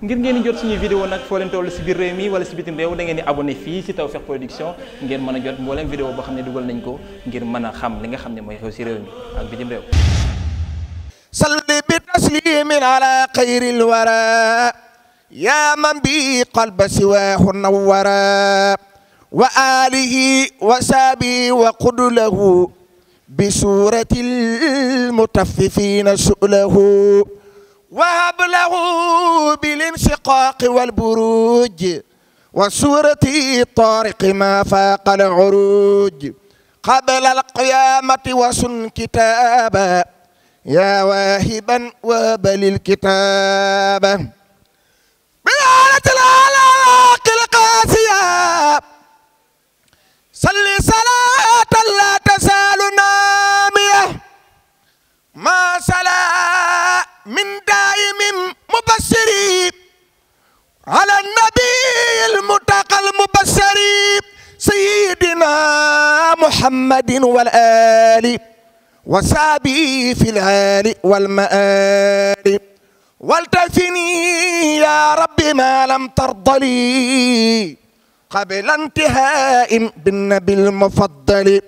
ngir ngeen jot suñuy vidéo nag foo leen si biir réew mi wala si bitim réew da ngeen di abonné fii si Tawfekh Production ngeen mën a jot mbooleem vidéo boo xam ne dugal nañ ko ngir mën a xam li nga xam ne mooy xew si réew mi ak bitim réew salli bi taslimin ala xayril wara ya man bi qalba siwaahu nawara wa alihi wa saabi wa qudulahu bi suratil mutaffifina sulahu wahab lahu bil inshiqaaqi wal buruuj wa suurati taariqi ma faaqa al uruuj qabla al qiyaamati wa sun kitaaba yaa waahiban waabalil kitaaba bilaalatil alaaqil qaasiya salli salaam محمد والآل وصحبه في العال والمآل والتفني يا رب ما لم ترض لي قبل انتهاء بالنبي المفضل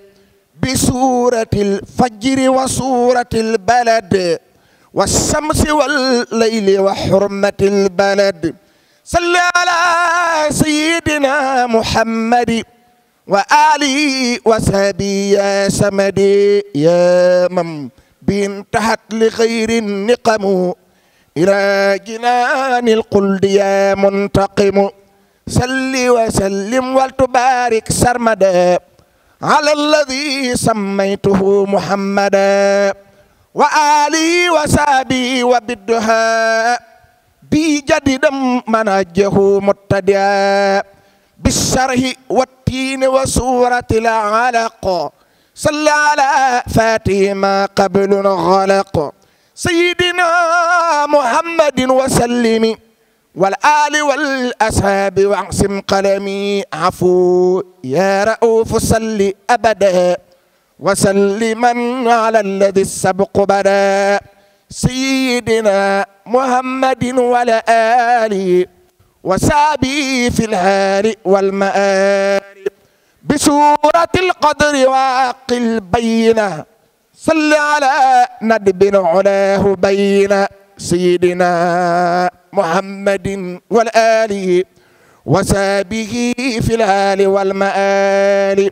بسورة الفجر وسورة البلد والشمس والليل وحرمة البلد صل على سيدنا محمد wa ali wa sahbi ya samadi ya mam bin tahat li xayrin niqamu ila jinaanil xuldi ya muntaqimu salli wa sallim wal tubarik sarmada ala alladi sammaytuhu muhammada wa ali wa sahbi wa bidduha bi jadidam manajjahu muttadia bisharhi wat التين وسورة العلق صلى على فاتما قبل الغلق سيدنا محمد وسلم والآل والأصحاب واعصم قلمي عفو يا رؤوف صل أبدا وسلما على الذي السبق بدا سيدنا محمد ولا آله وسابي في الهار والمآر بسورة القدر واقل بينا صل على ندب علاه بين سيدنا محمد والآل وسابه في الآل والمآل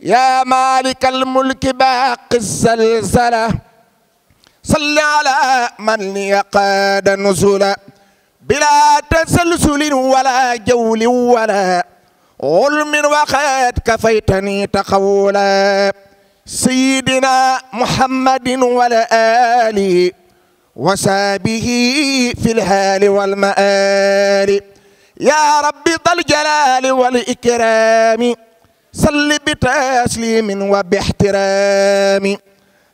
يا مالك الملك باقي الزلزلة صل على من يقاد نزلا bila tasalsulin wala jawlin wala ulmin waxaat kafaytani taxawula sayidina muhammadin wala ali wa saabihi fi lhaali walmaali yaa rabbi dal jalaali wal ikraami salli bi taslimin wa bi ixtiraami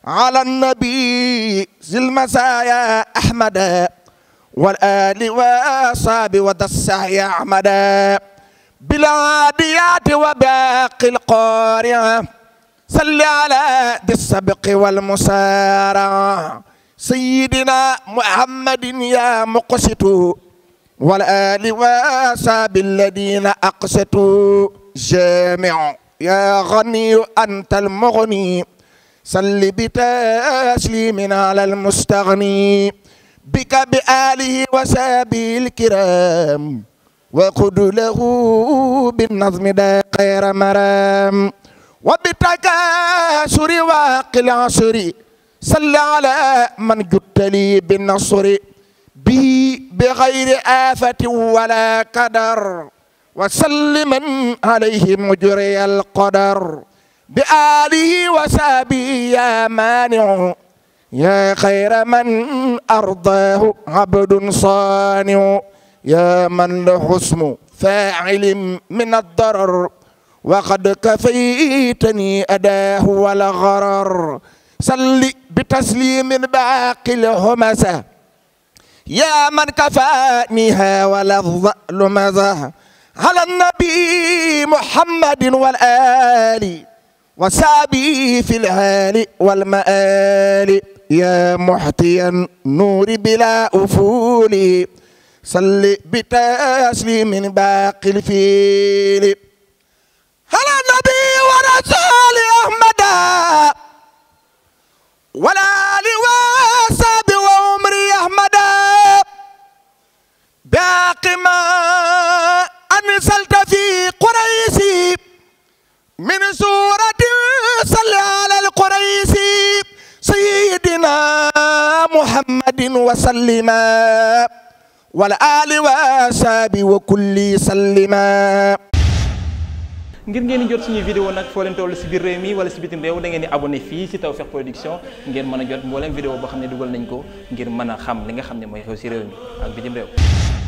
ala nabi zil masaaya ahmada والآل وأصحاب وتصح يا أحمد بالعاديات وباقي القارعة صل على ذي السبق والمسارع سيدنا محمد يا مقسط والآل وأصحاب الذين أقسطوا جامع يا غني أنت المغني صل بتسليم على المستغني bika bi alihi wa saabil kiram wa qudu lahu bi nazmi da xayra maram wa bi takasuri wa qilasuri salli ala man juttali bi nasuri bi bi xayri aafati wala kadar wa salliman alayhi mujri alqadar bi alihi wa saabi ya maaniu يا خير من أرضاه عبد صانع يا من له حسن فاعل من الضرر وقد كفيتني أداه ولا غرر صل بتسليم باقي الهمسة يا من كفانيها ولا الظلمزة على النبي محمد والآل وسابي في الهال والمآل يا محتيا نور بلا أفول صل بتسليم باقي الفيل على النبي ورسول أحمد ولا wala محمد وسلما والآل وأصحاب وكل سلما ngir ngeen di jot suñuy vidéo nag foo leen toll si biir réew mi wala si bitim réew da ngeen di ni fii si Tawfekh Production ngeen mën a jot mbooleem vidéo boo xam ne dugal nañ ko ngir mën a xam li nga xam ne mooy xew si réew mi ak bitim réew